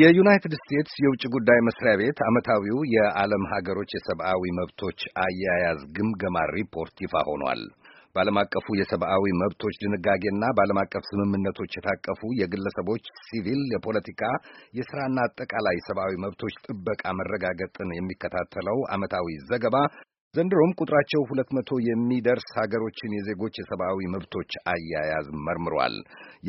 የዩናይትድ ስቴትስ የውጭ ጉዳይ መስሪያ ቤት ዓመታዊው የዓለም ሀገሮች የሰብአዊ መብቶች አያያዝ ግምገማ ሪፖርት ይፋ ሆኗል። በዓለም አቀፉ የሰብአዊ መብቶች ድንጋጌና በዓለም አቀፍ ስምምነቶች የታቀፉ የግለሰቦች ሲቪል፣ የፖለቲካ፣ የሥራና አጠቃላይ ሰብአዊ መብቶች ጥበቃ መረጋገጥን የሚከታተለው ዓመታዊ ዘገባ ዘንድሮም ቁጥራቸው ሁለት መቶ የሚደርስ ሀገሮችን የዜጎች የሰብአዊ መብቶች አያያዝ መርምሯል።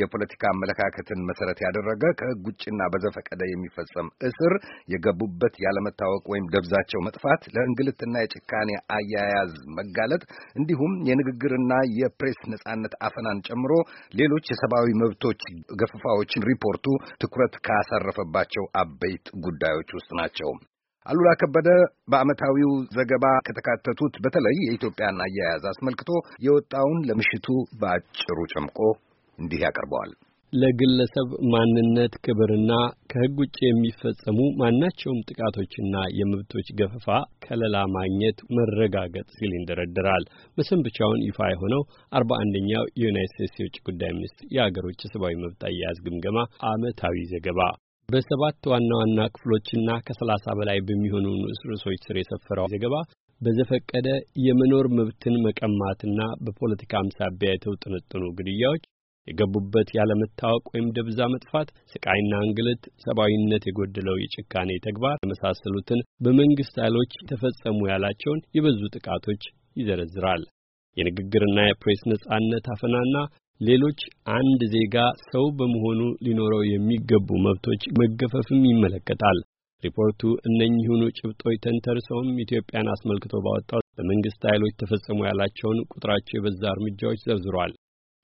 የፖለቲካ አመለካከትን መሰረት ያደረገ ከህግ ውጭና በዘፈቀደ የሚፈጸም እስር፣ የገቡበት ያለመታወቅ ወይም ደብዛቸው መጥፋት፣ ለእንግልትና የጭካኔ አያያዝ መጋለጥ እንዲሁም የንግግርና የፕሬስ ነጻነት አፈናን ጨምሮ ሌሎች የሰብአዊ መብቶች ገፍፋዎችን ሪፖርቱ ትኩረት ካሳረፈባቸው አበይት ጉዳዮች ውስጥ ናቸው። አሉላ ከበደ በዓመታዊው ዘገባ ከተካተቱት በተለይ የኢትዮጵያን አያያዝ አስመልክቶ የወጣውን ለምሽቱ በአጭሩ ጨምቆ እንዲህ ያቀርበዋል። ለግለሰብ ማንነት ክብርና ከሕግ ውጭ የሚፈጸሙ ማናቸውም ጥቃቶችና የመብቶች ገፈፋ ከለላ ማግኘት መረጋገጥ ሲል ምስም ብቻውን ይፋ የሆነው አርባ አንደኛው የዩናይት ስቴትስ የውጭ ጉዳይ ሚኒስትር የአገሮች የሰብአዊ መብት አያያዝ ግምገማ ዓመታዊ ዘገባ በሰባት ዋና ዋና ክፍሎችና ከሰላሳ በላይ በሚሆኑ ንዑስ ርዕሶች ስር የሰፈረው ዘገባ በዘፈቀደ የመኖር መብትን መቀማትና በፖለቲካም ሳቢያ የተውጠነጠኑ ግድያዎች፣ የገቡበት ያለመታወቅ ወይም ደብዛ መጥፋት፣ ስቃይና እንግልት፣ ሰብአዊነት የጎደለው የጭካኔ ተግባር የመሳሰሉትን በመንግስት ኃይሎች ተፈጸሙ ያላቸውን የበዙ ጥቃቶች ይዘረዝራል። የንግግርና የፕሬስ ነጻነት አፈናና ሌሎች አንድ ዜጋ ሰው በመሆኑ ሊኖረው የሚገቡ መብቶች መገፈፍም ይመለከታል። ሪፖርቱ እነኚሁኑ ጭብጦች ተንተርሰውም ኢትዮጵያን አስመልክቶ ባወጣው በመንግስት ኃይሎች ተፈጸሙ ያላቸውን ቁጥራቸው የበዛ እርምጃዎች ዘርዝሯል።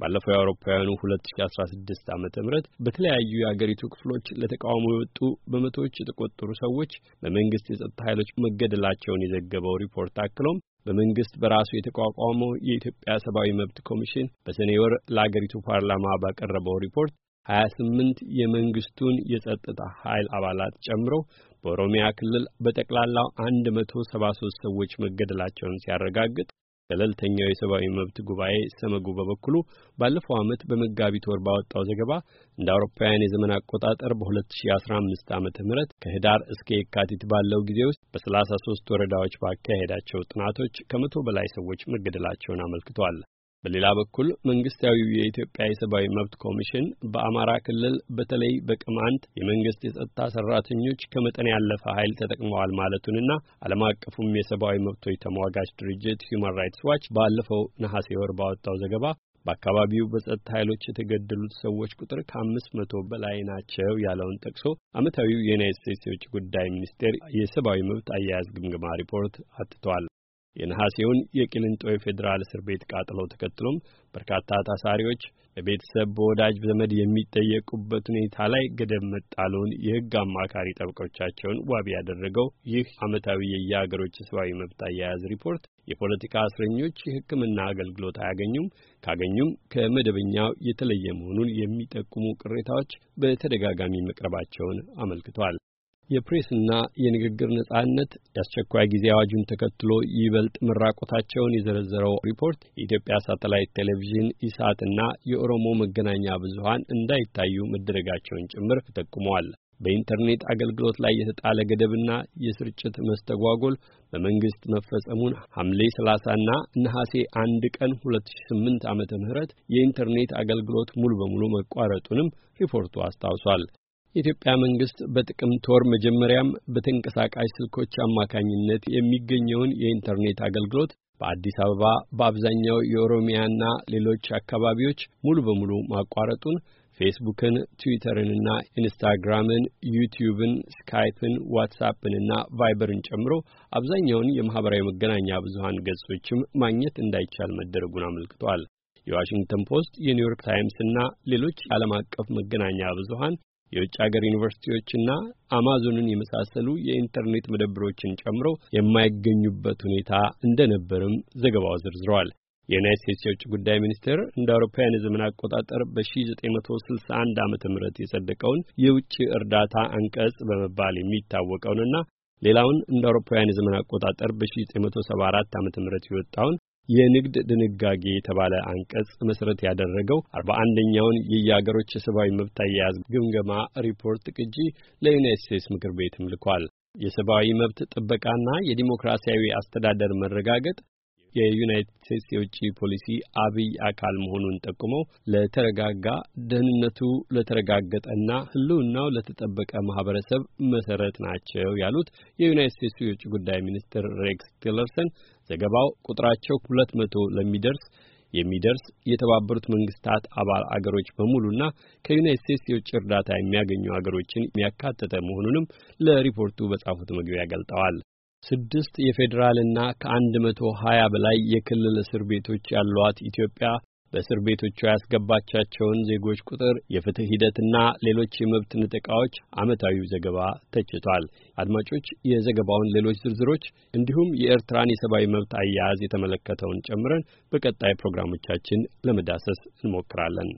ባለፈው የአውሮፓውያኑ 2016 ዓመተ በተለያዩ የአገሪቱ ክፍሎች ለተቃውሞ የወጡ በመቶዎች የተቆጠሩ ሰዎች በመንግስት የጸጥታ ኃይሎች መገደላቸውን የዘገበው ሪፖርት አክሎም በመንግስት በራሱ የተቋቋመው የኢትዮጵያ ሰብአዊ መብት ኮሚሽን በሰኔ ወር ለአገሪቱ ፓርላማ ባቀረበው ሪፖርት 28 የመንግስቱን የጸጥታ ኃይል አባላት ጨምሮ በኦሮሚያ ክልል በጠቅላላው 173 ሰዎች መገደላቸውን ሲያረጋግጥ ገለልተኛው የሰብአዊ መብት ጉባኤ ሰመጉ በበኩሉ ባለፈው ዓመት በመጋቢት ወር ባወጣው ዘገባ እንደ አውሮፓውያን የዘመን አቆጣጠር በ2015 ዓመተ ምህረት ከህዳር እስከ የካቲት ባለው ጊዜ ውስጥ በ33 ወረዳዎች ባካሄዳቸው ጥናቶች ከመቶ በላይ ሰዎች መገደላቸውን አመልክቷል። በሌላ በኩል መንግስታዊው የኢትዮጵያ የሰብአዊ መብት ኮሚሽን በአማራ ክልል በተለይ በቅማንት የመንግስት የጸጥታ ሰራተኞች ከመጠን ያለፈ ኃይል ተጠቅመዋል ማለቱንና ዓለም አቀፉም የሰብአዊ መብቶች ተሟጋች ድርጅት ሂውማን ራይትስ ዋች ባለፈው ነሐሴ ወር ባወጣው ዘገባ በአካባቢው በጸጥታ ኃይሎች የተገደሉት ሰዎች ቁጥር ከአምስት መቶ በላይ ናቸው ያለውን ጠቅሶ ዓመታዊው የዩናይትድ ስቴትስ የውጭ ጉዳይ ሚኒስቴር የሰብአዊ መብት አያያዝ ግምገማ ሪፖርት አትተዋል። የነሐሴውን የቅልንጦ የፌዴራል እስር ቤት ቃጥሎ ተከትሎም በርካታ ታሳሪዎች በቤተሰብ በወዳጅ ዘመድ የሚጠየቁበት ሁኔታ ላይ ገደብ መጣሉን የሕግ አማካሪ ጠበቆቻቸውን ዋቢ ያደረገው ይህ ዓመታዊ የየሀገሮች ሰብአዊ መብት አያያዝ ሪፖርት የፖለቲካ እስረኞች የሕክምና አገልግሎት አያገኙም፣ ካገኙም ከመደበኛው የተለየ መሆኑን የሚጠቁሙ ቅሬታዎች በተደጋጋሚ መቅረባቸውን አመልክቷል። የፕሬስና የንግግር ነጻነት የአስቸኳይ ጊዜ አዋጁን ተከትሎ ይበልጥ መራቆታቸውን የዘረዘረው ሪፖርት የኢትዮጵያ ሳተላይት ቴሌቪዥን ኢሳትና የኦሮሞ መገናኛ ብዙሀን እንዳይታዩ መደረጋቸውን ጭምር ተጠቁመዋል። በኢንተርኔት አገልግሎት ላይ የተጣለ ገደብና የስርጭት መስተጓጎል በመንግስት መፈጸሙን ሐምሌ 30ና ነሐሴ 1 ቀን 2008 ዓመተ ምህረት የኢንተርኔት አገልግሎት ሙሉ በሙሉ መቋረጡንም ሪፖርቱ አስታውሷል። የኢትዮጵያ መንግስት በጥቅምት ወር መጀመሪያም በተንቀሳቃሽ ስልኮች አማካኝነት የሚገኘውን የኢንተርኔት አገልግሎት በአዲስ አበባ በአብዛኛው የኦሮሚያና ሌሎች አካባቢዎች ሙሉ በሙሉ ማቋረጡን ፌስቡክን፣ ትዊተርንና ኢንስታግራምን፣ ዩቲዩብን፣ ስካይፕን፣ ዋትሳፕንና ቫይበርን ጨምሮ አብዛኛውን የማህበራዊ መገናኛ ብዙሀን ገጾችም ማግኘት እንዳይቻል መደረጉን አመልክቷል። የዋሽንግተን ፖስት፣ የኒውዮርክ ታይምስ እና ሌሎች የዓለም አቀፍ መገናኛ ብዙሀን የውጭ ሀገር ዩኒቨርሲቲዎችና አማዞንን የመሳሰሉ የኢንተርኔት መደብሮችን ጨምሮ የማይገኙበት ሁኔታ እንደነበርም ዘገባው ዘርዝረዋል። የዩናይት ስቴትስ የውጭ ጉዳይ ሚኒስቴር እንደ አውሮፓውያን የዘመን አቆጣጠር በ1961 ዓመ ምህረት የጸደቀውን የውጭ እርዳታ አንቀጽ በመባል የሚታወቀውንና ሌላውን እንደ አውሮፓውያን የዘመን አቆጣጠር በ1974 ዓ ም የወጣውን የንግድ ድንጋጌ የተባለ አንቀጽ መሰረት ያደረገው አርባ አንደኛውን የየሀገሮች የሰብአዊ መብት አያያዝ ግምገማ ሪፖርት ቅጂ ለዩናይት ስቴትስ ምክር ቤትም ልኳል። የሰብአዊ መብት ጥበቃና የዲሞክራሲያዊ አስተዳደር መረጋገጥ የዩናይትድ ስቴትስ የውጭ ፖሊሲ አብይ አካል መሆኑን ጠቁመው ለተረጋጋ ደህንነቱ ለተረጋገጠና ሕልውናው ለተጠበቀ ማህበረሰብ መሰረት ናቸው ያሉት የዩናይትድ ስቴትስ የውጭ ጉዳይ ሚኒስትር ሬክስ ቲለርሰን ዘገባው ቁጥራቸው ሁለት መቶ ለሚደርስ የሚደርስ የተባበሩት መንግስታት አባል አገሮች በሙሉና ከዩናይት ስቴትስ የውጭ እርዳታ የሚያገኙ አገሮችን የሚያካተተ መሆኑንም ለሪፖርቱ በጻፉት መግቢያ ገልጠዋል። ስድስት የፌዴራልና ከአንድ መቶ ሀያ በላይ የክልል እስር ቤቶች ያሏት ኢትዮጵያ በእስር ቤቶቿ ያስገባቻቸውን ዜጎች ቁጥር፣ የፍትህ ሂደትና ሌሎች የመብት ንጥቃዎች ዓመታዊው ዘገባ ተችቷል። አድማጮች የዘገባውን ሌሎች ዝርዝሮች እንዲሁም የኤርትራን የሰብአዊ መብት አያያዝ የተመለከተውን ጨምረን በቀጣይ ፕሮግራሞቻችን ለመዳሰስ እንሞክራለን።